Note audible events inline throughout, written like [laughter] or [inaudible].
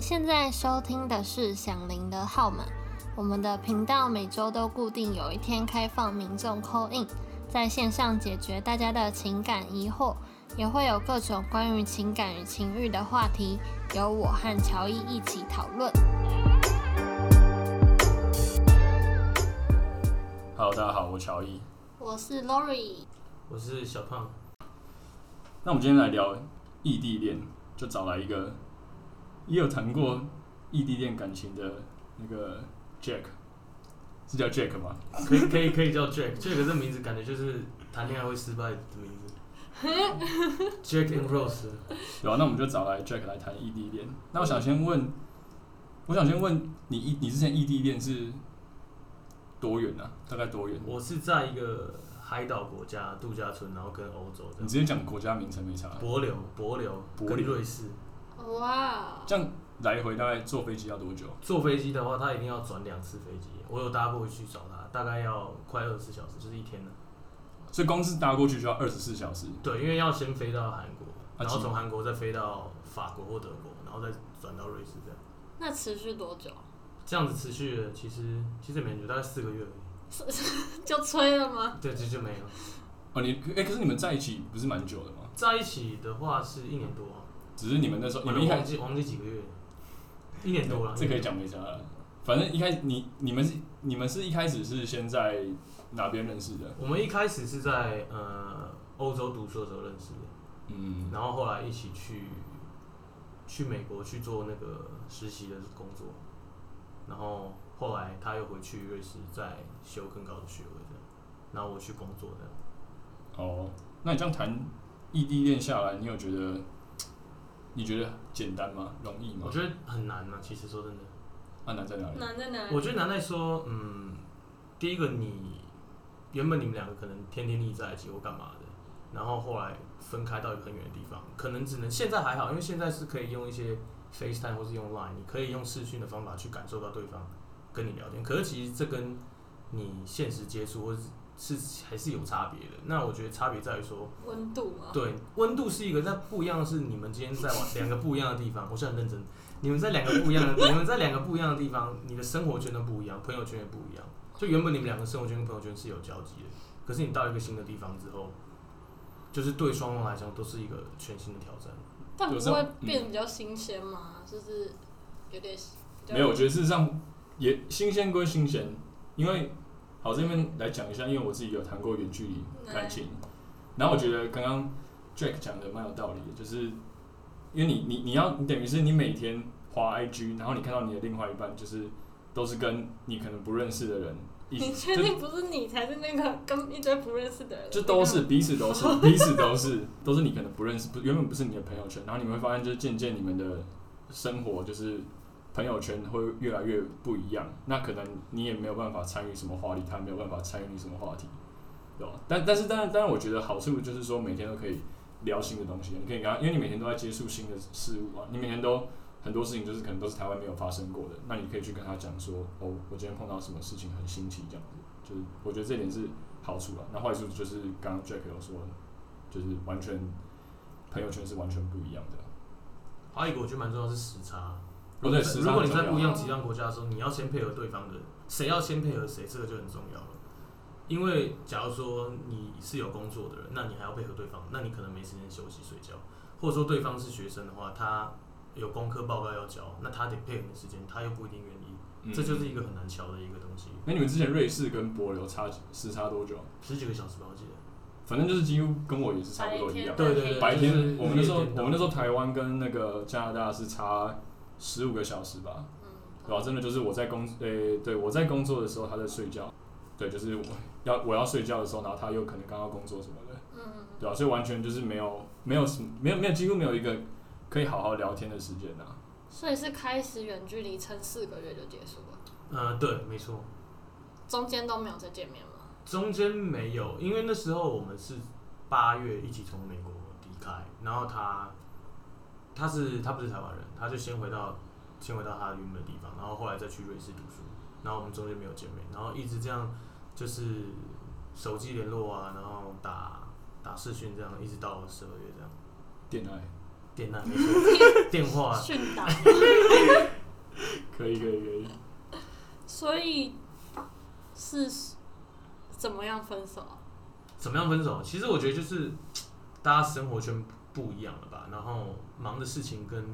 現在收聽的是響鈴的號碼。我們的頻道每周都固定有一天開放民眾 call in，在線上解決大家的情感疑惑，也會有各種關於情感與情欲的話題，由我和喬伊一起討論。Hello，大家好，我喬伊，我是 Laurie，我是小胖。那我們今天來聊異地戀，就找來一個。也有談過異地戀感情的那個 Jack，是叫 Jack 嗎？ [laughs] 可以可以可以叫 Jack，Jack Jack 這名字感覺就是談戀愛會失敗的名字。 [laughs] Jack and Rose，有啊,那我們就找來 Jack 來談異地戀。 [laughs] 那我想先問，我想先問你，你之前異地戀是多遠啊？大概多遠？我是在一個海島國家度假村，然後跟歐洲的。你直接講國家名稱沒差。帛琉、帛琉、帛琉，瑞士。哇！Wow. 這樣來回大概坐飛機要多久？坐飛機的話，他一定要轉兩次飛機。我有搭過去找他，大概要快二十四小時，就是一天了。所以光是搭過去就要二十四小時？對，因為要先飛到韓國，然後從韓國再飛到法國或德國，然後再轉到瑞士這樣。那持續多久？這樣子持續了其實其實也沒很久，大概四個月而已。 [laughs] 就吹了嗎？對，其實就沒有。哦，你哎、欸，可是你們在一起不是蠻久的嗎？在一起的話是一年多、啊。只是你們那時候，反正你們一開始我們這幾個月，一年多了，嗯、多了這可以講沒啥了。反正一開始，你你們是你們是一開始是先在哪邊認識的？我們一開始是在呃歐洲讀書的時候認識的，嗯，然後後來一起去去美國去做那個實習的工作，然後後來他又回去瑞士再修更高的學位的，然後我去工作的。哦，那你這樣談異地戀下來，你有覺得？你覺得簡單嗎？容易嗎？我覺得很難。其實說真的，啊，難在哪裡？難在哪裡？我覺得難在說，嗯，第一個你原本你們兩個可能天天膩在一起或幹嘛的，然後後來分開到一個很遠的地方，可能只能現在還好，因為現在是可以用一些 FaceTime 或是用 Line，你可以用視訊的方法去感受到對方跟你聊天。可是其實這跟你現實接觸或是是還是有差別的，那我覺得差別在於說溫度啊，對，溫度是一個。那不一樣的是，你們今天在兩個不一樣的地方， [laughs] 我是很認真。你們在兩個不一樣的， [laughs] 你們在兩個不一樣的地方，你的生活圈都不一樣，朋友圈也不一樣。就原本你們兩個生活圈跟朋友圈是有交集的，可是你到一個新的地方之後，就是對雙方來講都是一個全新的挑戰。但不會變得比較新鮮嗎？就、嗯、是有點沒有。我覺得事實上也新鮮歸新鮮，因為。好，這邊來講一下，因為我自己有談過遠距離感情， [music] 然後我覺得剛剛 Jack 講的蠻有道理的，就是因為你你你要等於是你每天滑 IG，然後你看到你的另外一半，就是都是跟你可能不認識的人。你確定不是你才是那個跟一堆不認識的人，就，就都是彼此都是 [laughs] 彼此都是，彼此都是，都是你可能不認識，不原本不是你的朋友圈，然後你會發現就是漸漸你們的生活就是。朋友圈會越來越不一樣，那可能你也沒有辦法參與什麼話題，他沒有辦法參與你什麼話題，對吧？但但是當然當然，我覺得好處就是說每天都可以聊新的東西、啊，你可以跟他，因為你每天都在接觸新的事物、啊，你每天都很多事情就是可能都是台灣沒有發生過的，那你可以去跟他講說，哦，我今天碰到什麼事情很新奇這樣子，就是我覺得這點是好處了、啊。那壞處就是剛剛 Jack 有說，就是完全朋友圈是完全不一樣的、啊。還有一個我覺得蠻重要的是時差。如果你在不一樣其他國家的時候，你要先配合對方的人，誰要先配合誰，這個就很重要了。因為假如說你是有工作的人，那你還要配合對方，那你可能沒時間休息睡覺。或者說對方是學生的話，他有功課報告要交，那他得配合你時間，他又不一定願意。嗯、這就是一個很難喬的一個東西。那、嗯欸、你們之前瑞士跟帛琉差時差多久？十幾個小時吧，我記得。反正就是幾乎跟我也是差不多一樣。白天，對對對，白天、天我們那時候，我們那時候台灣跟那個加拿大是差。十五個小時吧，對吧、嗯？嗯、然後真的就是我在工，誒、欸，對，我在工作的時候他在睡覺，對，就是我要我要睡覺的時候，然後他又可能剛剛工作什麼的，嗯，嗯，嗯，對吧、啊？所以完全就是沒有沒有什沒有沒有幾乎沒有一個可以好好聊天的時間啊。所以是開始遠距離撐四個月就結束了？呃，對，沒錯。中間都沒有再見面嗎？中間沒有，因為那時候我們是八月一起從美國離開，然後他。他是他不是台灣人，他就先回到先回到他原本的地方，然後後來再去瑞士讀書，然後我們中間沒有見面，然後一直這樣就是手機聯絡啊，然後打打視訊這樣，一直到十二月這樣。電愛耐？電愛？ [laughs] 電話、啊？訊打，可以可以可以。所以是怎麼樣分手、啊？怎麼樣分手？其實我覺得就是大家生活圈。不一樣了吧？然後忙的事情跟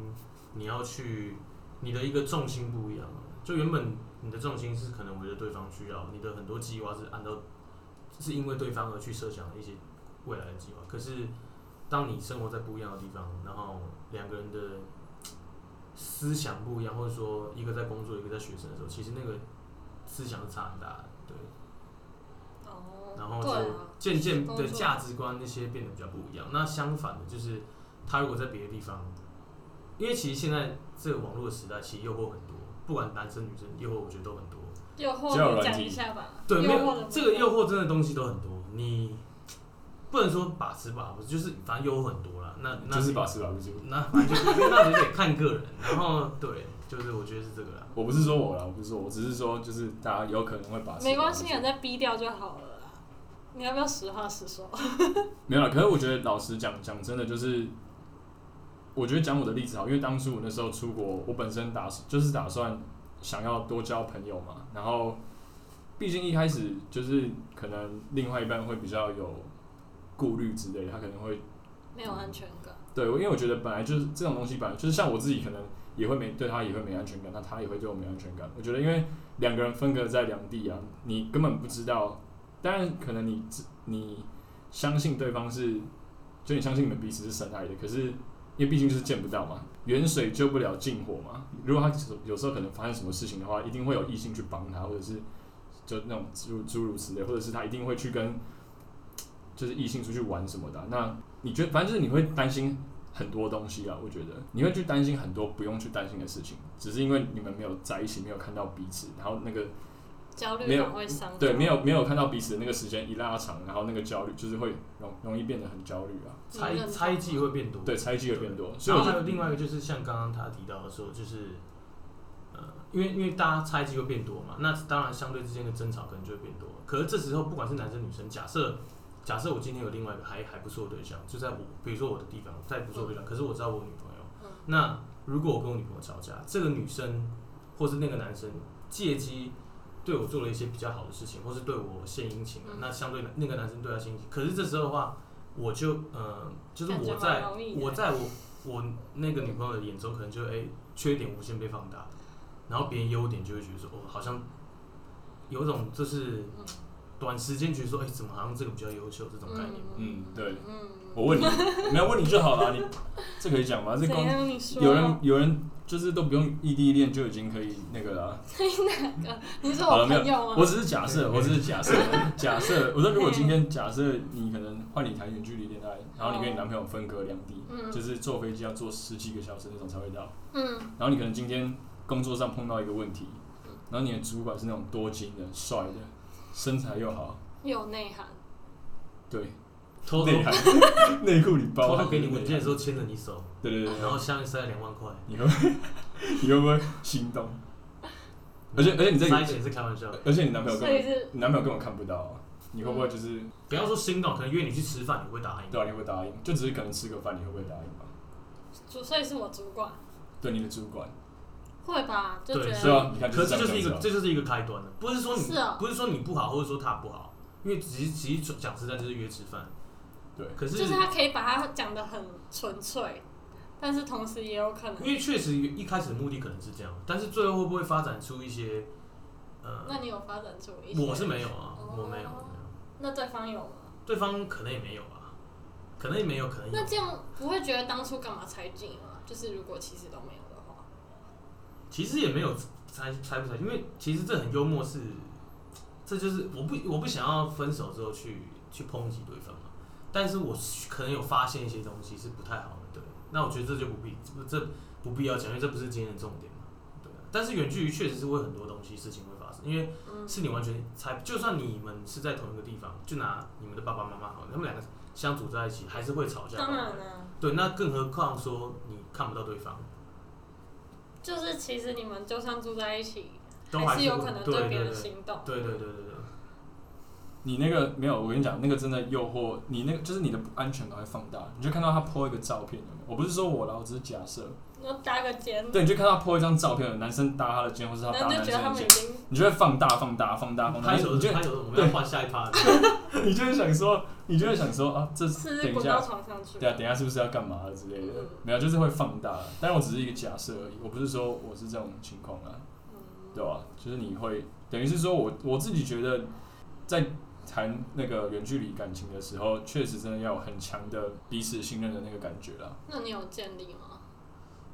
你要去你的一個重心不一樣了，就原本你的重心是可能圍着對方需要，你的很多計劃是按照是因為對方而去設想一些未來的計劃。可是當你生活在不一樣的地方，然後兩個人的思想不一樣，或者說一個在工作，一個在學生的時候，其實那個思想是差很大的，對。然後就漸漸的價值觀那些變得比較不一樣。啊、那相反的，就是他如果在別的地方，因為其實現在這個網絡時代，其實誘惑很多，不管男生女生，誘惑我覺得都很多。誘惑講一下吧。對，沒有這個誘惑，真的東西都很多。你不能說把持吧，就是反正誘惑很多啦，那那就是把持吧，握就那反正就是、 [laughs] 那得看個人。然後對，就是我覺得是這個了。我不是說我了，我不是說我，只是說就是大家有可能會把持，沒關係，再且逼掉就好了。你要不要實話實說？ [laughs] 沒有了，可是我覺得老實講，講真的，就是我覺得講我的例子好，因為當初我那時候出國，我本身打就是打算想要多交朋友嘛。然後畢竟一開始就是可能另外一半會比較有顧慮之類，他可能會沒有安全感。嗯，對，因為我覺得本來就是這種東西，本來就是像我自己可能也會沒，對他也會沒安全感，那他也會對我沒安全感。我覺得因為兩個人分隔在兩地啊，你根本不知道。當然，但可能你你相信對方是，就你相信你們彼此是深愛的。可是，因為畢竟就是見不到嘛，遠水救不了近火嘛。如果他有時候可能發生什麼事情的話，一定會有異性去幫他，或者是就那種諸諸如此類，或者是他一定會去跟就是異性出去玩什麼的。那你覺得，反正就是你會擔心很多東西啊。我覺得你會去擔心很多不用去擔心的事情，只是因為你們沒有在一起，沒有看到彼此，然後那個。焦慮沒有會傷，對，沒有，沒有看到彼此的那個時間一拉長，然後那個焦慮就是會容易容易變得很焦慮啊，猜猜忌會變多，對，猜忌會變多。然後對還有另外一個就是像剛剛他提到的時候，就是呃，因為因為大家猜忌會變多嘛，那當然相對之間的爭吵可能就會變多。可是這時候不管是男生女生，假設假設我今天有另外一個還還不錯對象，就在我比如說我的地方再不錯對象，可是我知道我女朋友，嗯、那如果我跟我女朋友吵架，這個女生或是那個男生借機，對我做了一些比較好的事情，或是對我獻殷勤的、嗯、那相對那個男生對他獻殷勤，可是這時候的話，我就呃，就是我在我在我我那個女朋友的眼中，可能就哎缺點無限被放大，然後別人優點就會覺得說哦，好像有種就是短時間覺得說哎，怎麼好像這個比較優秀這種概念，嗯，對。我問你，沒有問你就好了。你這可以講嗎？這工有人有人就是都不用異地戀就已經可以那個了。哪個？你說我朋友嗎？我只是假設，我只是假設，假設我說如果今天假設你可能換你談遠距離戀愛，然後你跟你男朋友分隔兩地，就是坐飛機要坐十幾個小時那種才會到，然後你可能今天工作上碰到一個問題，然後你的主管是那種多金的、帥的、身材又好、又有內涵，對。偷偷內褲內褲裡包，偷偷給你穩重的時候牽着你手，對對對，然後下面塞了兩萬塊，你會會不會心動？而且而且你在以前是開玩笑，而且你男朋友根本你男朋友根本看不到，你會不會就是不要說心動，可能約你去吃飯你會答應，對你會答應，就只是可能吃個飯你會不會答應吧？所以是我主管，對你的主管會吧？就覺得，可是這就是一個這就是一個開端了，不是說你不是說你不好，或者說他不好，因為其實其實講實在就是約吃飯。對，可是就是他可以把他講得很純粹，但是同時也有可能，因為確實一開始的目的可能是這樣，但是最後會不會發展出一些？呃、那你有發展出一些？我是沒有啊，哦、我沒有，哦、沒有。那對方有嗎？對方可能也沒有啊，可能也沒有，可能也有。那這樣不會覺得當初幹嘛猜忌啊，就是如果其實都沒有的話，其實也沒有猜猜不猜，因為其實這很幽默是，是這就是我不我不想要分手之後去去抨擊對方。但是我可能有發現一些東西是不太好的，對。那我覺得這就不必，這不必要講，因為這不是今天的重點嘛，對。但是遠距離確實是會很多東西事情會發生，因為是你完全才，就算你們是在同一個地方，就拿你們的爸爸媽媽好，他們兩個相處在一起還是會吵架。當然了、啊。對，那更何況說你看不到對方，就是其實你們就算住在一起，還是有可能對別人心動。對對對對對、對、對、對、對。.你那個沒有，我跟你講，那個真的誘惑你，那個就是你的不安全感會放大。你就看到他 po 一個照片，有沒有，我不是說我，然後只是假設。我搭個肩。對，你就看到他 po 一張照片，男生搭他的肩，或者是他搭男生的肩，就你就會放大、放大、放大、放大，你就對換下一趴。 [laughs] [laughs] 你就會想說，你就會想說啊，這是等一下，是不是不到床上去？對啊，等一下是不是要幹嘛之類的？嗯、沒有，就是會放大。但我只是一個假設而已，我不是說我是這種情況、嗯、啊，對吧？就是你會等於是說我我自己覺得在。談那個遠距離感情的時候，確實真的要有很強的彼此信任的那個感覺了。那你有建立嗎？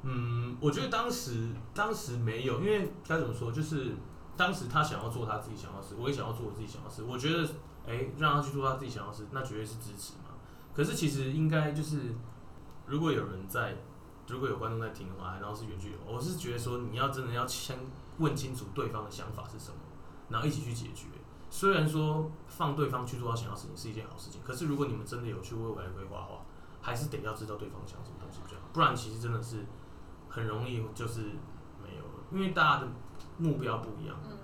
嗯，我覺得當時當時沒有，因為該怎麼說，就是當時他想要做他自己想要的事，我也想要做我自己想要的事。我覺得，哎、欸，讓他去做他自己想要的事，那絕對是支持嘛。可是其實應該就是，如果有人在，如果有觀眾在聽的話，然後是遠距離，我是覺得說，你要真的要先問清楚對方的想法是什麼，然後一起去解決。雖然說放對方去做他想要事情是一件好事情，可是如果你們真的有去為未來規劃的話，還是得要知道對方想什麼東西比較好，不然其實真的是很容易就是沒有了，因為大家的目標不一樣，嗯、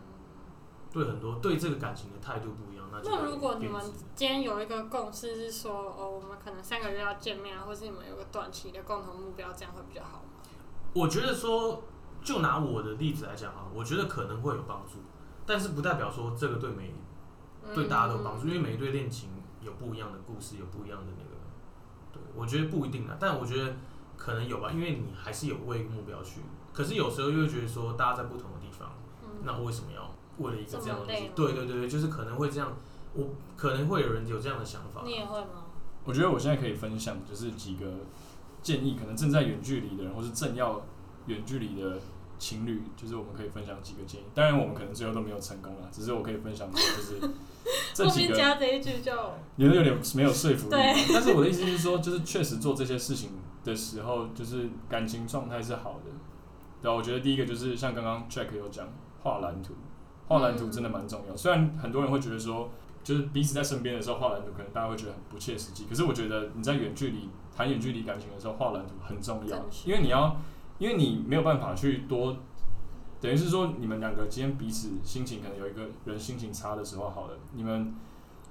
對很多對這個感情的態度不一樣那就、嗯。那如果你們今天有一個共識是說哦，我們可能三個月要見面啊，或是你們有個短期的共同目標，這樣會比較好嗎？我覺得說，就拿我的例子來講啊，我覺得可能會有幫助。但是不代表說這個對每對大家都有幫助，嗯嗯，因為每一對戀情有不一樣的故事，有不一樣的那個。對，我覺得不一定啊，但我覺得可能有吧，因為你還是有為目標去。可是有時候又會覺得說，大家在不同的地方，嗯、那為什麼要為了一個這樣的東西？對對對，就是可能會這樣，我可能會有人有這樣的想法。你也會嗎？我覺得我現在可以分享，就是幾個建議，可能正在遠距離的人，或是正要遠距離的。情侶，就是我們可以分享幾個建議，當然我們可能最後都沒有成功了，嗯、只是我可以分享的就是 [laughs] 這幾個。後面加這一句就，有點沒有說服力。 [laughs] 對 但是我的意思就是說，就是確實做這些事情的時候，就是感情狀態是好的。然後 [laughs] 我覺得第一個就是像剛剛 Jack 有講畫藍圖，畫藍圖真的蠻重要。嗯、雖然很多人會覺得說，就是彼此在身邊的時候畫藍圖，可能大家會覺得很不切實際。可是我覺得你在遠距離談遠距離感情的時候，畫藍圖很重要，確因為你要。因為你沒有辦法去多，等於是說你們兩個今天彼此心情可能有一個人心情差的時候，好了，你們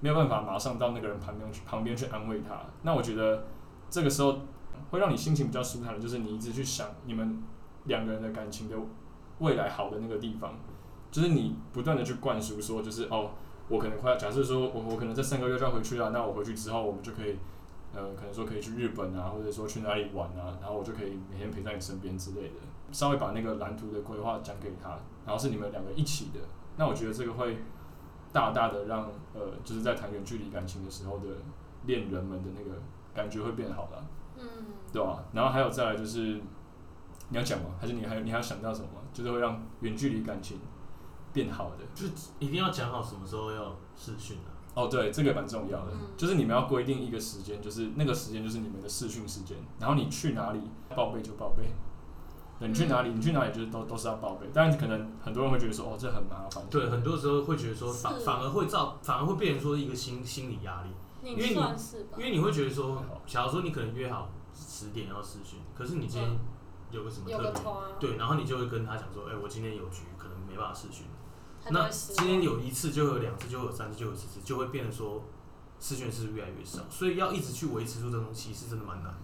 沒有辦法馬上到那個人旁邊去，旁邊去安慰他。那我覺得這個時候會讓你心情比較舒坦的，就是你一直去想你們兩個人的感情的未來好的那個地方，就是你不斷的去灌輸說，就是哦，我可能快假設說我我可能這三個月就要回去了啊，那我回去之後我們就可以。呃，可能說可以去日本啊，或者說去哪裡玩啊，然後我就可以每天陪在你身邊之類的，稍微把那個藍圖的規劃講給他，然後是你們兩個一起的，那我覺得這個會大大的讓呃，就是在談遠距離感情的時候的戀人們的那個感覺會變好了，嗯，對吧，啊。然後還有再來就是你要講嗎？還是你還有你還要想到什麼？就是會讓遠距離感情變好的，就一定要講好什麼時候要視訊啊。哦，oh, 對，這個也蠻重要的，嗯、就是你們要規定一個時間，就是那個時間就是你們的視訊時間，然後你去哪裡報備就報備。對、嗯，你去哪裡，你去哪裡就是都都是要報備。但是可能很多人會覺得說，哦，這很麻煩。對，很多時候會覺得說反是反而會造反而會變成說一個心心理壓力，因為你因為你會覺得說，假如、嗯、說你可能約好十點要視訊，可是你今天有個什麼特別對，然後你就會跟他講說，哎、欸，我今天有局，可能沒辦法視訊。那今天有一次，就有兩次，就有三次，就有四次，就會變得說，視訊是越來越少，所以要一直去維持住這種東西是真的蠻難的。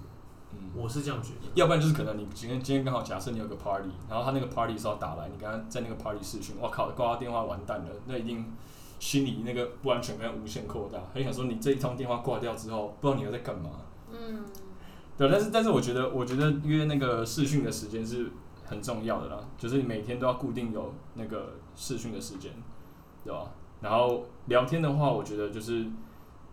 嗯，我是這樣覺得。要不然就是可能你今天今天剛好假設你有個 party，然後他那個 party 時候打來，你剛剛在那個 party 視訊，我靠掛他電話，完蛋了，那一定心裡那個不安全感無限擴大。很想說你這一通電話掛掉之後，不知道你又在幹嘛。嗯，對，但是但是我覺得我覺得約那個視訊的時間是很重要的啦，就是你每天都要固定有那個視訊的時間，對吧？然後聊天的話，我覺得就是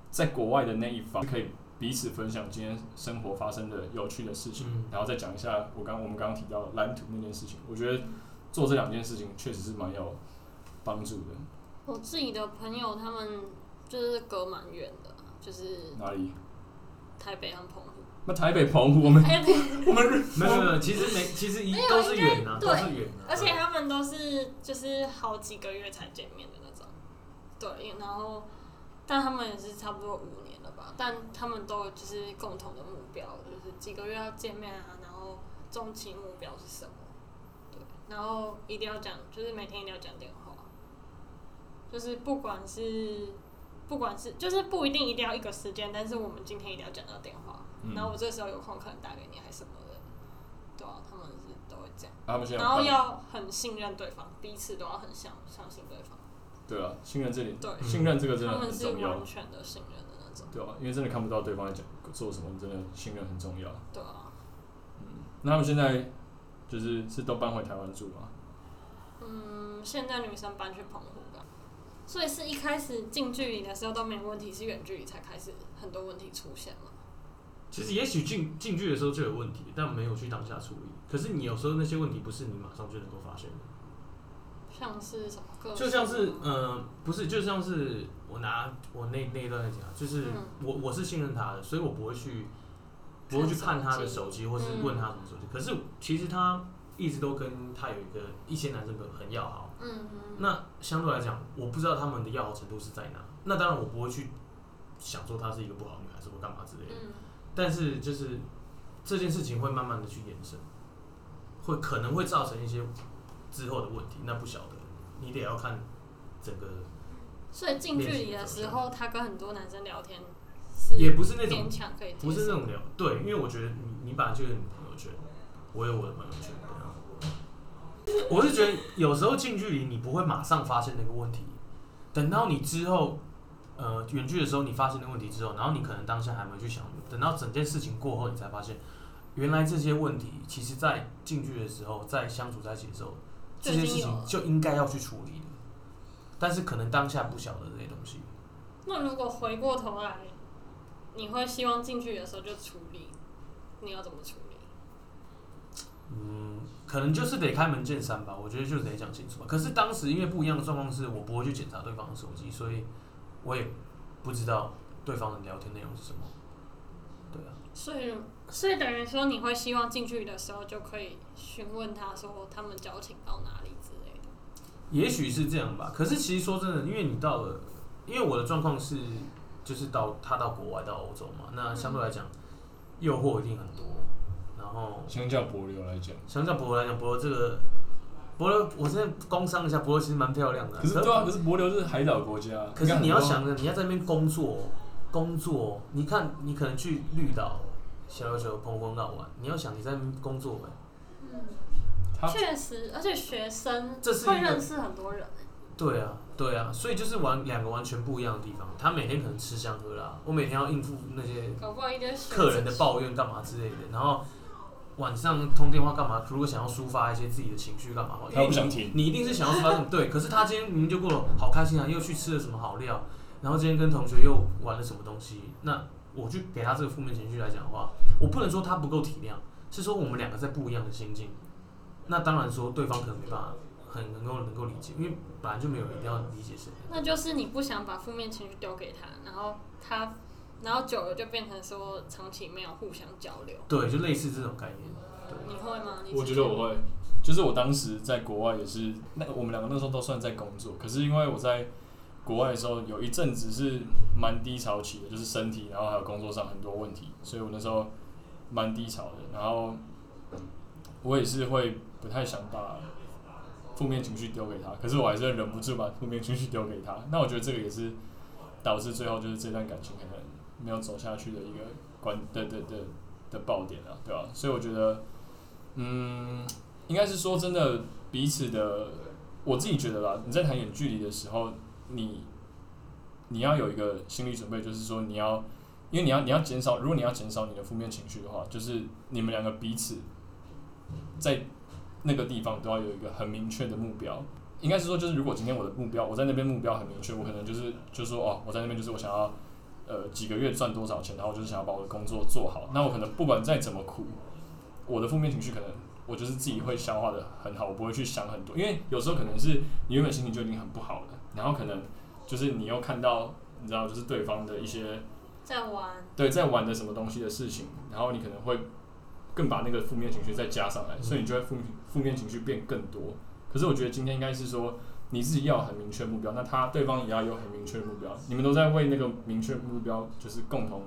在國外的那一方可以彼此分享今天生活發生的有趣的事情，嗯、然後再講一下我剛我們剛剛提到的藍圖那件事情。我覺得做這兩件事情確實是蠻有幫助的。我自己的朋友他們就是隔蠻遠的，就是哪裡？台北和澎湖台北澎湖我們 [laughs] 我們沒有 [laughs] 沒有，其實沒其實一都是遠、啊、 [laughs] 對都是遠、啊、而且他們都是就是好幾個月才見面的那種，對。然後，但他們也是差不多五年了吧？但他們都有就是共同的目標，就是幾個月要見面啊。然後，中期目標是什麼？對。然後一定要講，就是每天一定要講電話，就是不管是不管是就是不一定一定要一個時間，但是我們今天一定要講到電話。嗯、然後我這時候有空可能打給你還是什麼的，對啊，他們是都會這樣。他們然後要很信任對方，彼此們都要很相相信對方。對啊，信任這裡，對 [laughs] 信任這個真的很重要。他們是完全的信任的那種。對啊，因為真的看不到對方在講做什麼，真的信任很重要。對啊。嗯，那他們現在就是是都搬回台灣住嗎？嗯，現在女生搬去澎湖了，所以是一開始近距離的時候都沒有問題，是遠距離才開始很多問題出現了。其實也許近近距離的時候就有問題，但沒有去當下處理。可是你有時候那些問題不是你馬上就能夠發現的。像是什麼？就像是呃，不是，就像是我拿我那那一段來講，就是我我是信任他的，所以我不會去不會去看他的手機，或是問他什麼手機。嗯、可是其實他一直都跟他有一個一些男生朋友很很要好，嗯哼那相對來講，我不知道他們的要好程度是在哪。那當然我不會去想說他是一個不好女孩，什麼幹嘛之類的。嗯但是就是這件事情會慢慢的去延伸，會可能會造成一些之後的問題，那不曉得，你得要看整個。所以近距離的時候，他跟很多男生聊天，也不是那種，不是那種聊。對，因為我覺得你你本來就是有朋友圈，我有我的朋友圈。 [laughs] 我是覺得有時候近距離你不會馬上發現那個問題，等到你之後。呃，遠距的時候你發現的問題之後，然後你可能當下還沒去想，等到整件事情過後，你才發現，原來這些問題其實在近距的時候，在相處在節奏這些事情就應該要去處理的，但是可能當下不曉得這些東西。那如果回過頭來，你會希望近距的時候就處理，你要怎麼處理？嗯，可能就是得開門見山吧，我覺得就得講清楚吧。可是當時因為不一樣的狀況是，我不會去檢查對方的手機，所以。我也不知道對方的聊天內容是什麼，對啊。所以，所以等於說，你會希望進去的時候就可以詢問他說他們交情，到哪裡之類的。也許是這樣吧，可是其實說真的，因為你到了，因為我的狀況是，就是到他到國外到歐洲嘛，那相對來講，嗯、誘惑一定很多。然後，相較帛琉來講，相較帛琉來講，帛琉這個。帛琉，我現在工商一下，帛琉其實蠻漂亮的、啊。可是對啊，可是帛琉是海島國家。可是你要想，你要在那邊工作，工作，你看，你可能去綠島、小琉球、澎湖島玩，你要想你在那邊工作嗯。確實，而且學生，這是會認識很多人、欸。對啊，對啊，所以就是玩兩個完全不一樣的地方。他每天可能吃香喝辣，我每天要應付那些客人的抱怨幹嘛之類的，然後。晚上通電話幹嘛？如果想要抒發一些自己的情緒幹嘛？他不想聽。你，你一定是想要抒發這種對， [laughs] 可是他今天明明就過得好開心啊，又去吃了什麼好料，然後今天跟同學又玩了什麼東西。那我去給他這個負面情緒來講的話，我不能說他不夠體諒，是說我們兩個在不一樣的心境。那當然說對方可能沒辦法很，很能夠能夠理解，因為本來就沒有一定要理解誰。那就是你不想把負面情緒丟給他，然後他。然後久了就變成說長期沒有互相交流，對，就類似這種概念。對，你會嗎？我覺得我會，就是我當時在國外也是，那我們兩個那時候都算在工作，可是因為我在國外的時候有一陣子是蠻低潮期的，就是身體，然後還有工作上很多問題，所以我那時候蠻低潮的。然後我也是會不太想把負面情緒丟給他，可是我還是忍不住把負面情緒丟給他。那我覺得這個也是導致最後就是這段感情可能。沒有走下去的一個關的的的的爆點啊，對吧？所以我覺得，嗯，應該是說真的，彼此的，我自己覺得啦。你在談遠距離的時候，你你要有一個心理準備，就是說你要，因為你要你要減少，如果你要減少你的負面情緒的話，就是你們兩個彼此在那個地方都要有一個很明確的目標。應該是說，就是如果今天我的目標，我在那邊目標很明確，我可能就是就說，哦，我在那邊就是我想要。呃，幾個月賺多少錢？然後就是想要把我的工作做好。那我可能不管再怎麼苦，我的負面情緒可能我就是自己會消化得很好，我不會去想很多。因為有時候可能是你原本心情就已經很不好了，然後可能就是你又看到，你知道，就是對方的一些在玩，對，在玩的什麼東西的事情，然後你可能會更把那個負面情緒再加上來，所以你就會負面，負面情緒變更多。可是我覺得今天應該是說。你自己要很明確目標，那他對方也要有很明確目標，你們都在為那個明確目標就是共同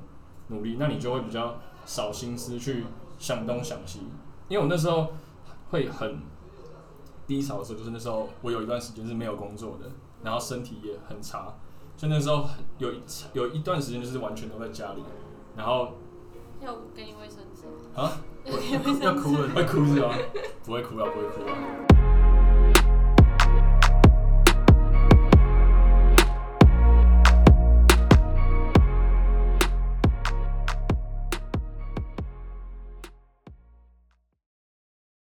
努力，那你就會比較少心思去想東想西。因為我那時候會很低潮的時候，就是那時候我有一段時間是沒有工作的，然後身體也很差，就那時候有一有一段時間就是完全都在家裡，然後要給你衛生紙啊，要哭了 [laughs] 會哭是吧？不會哭啊，不會哭啊。 [laughs]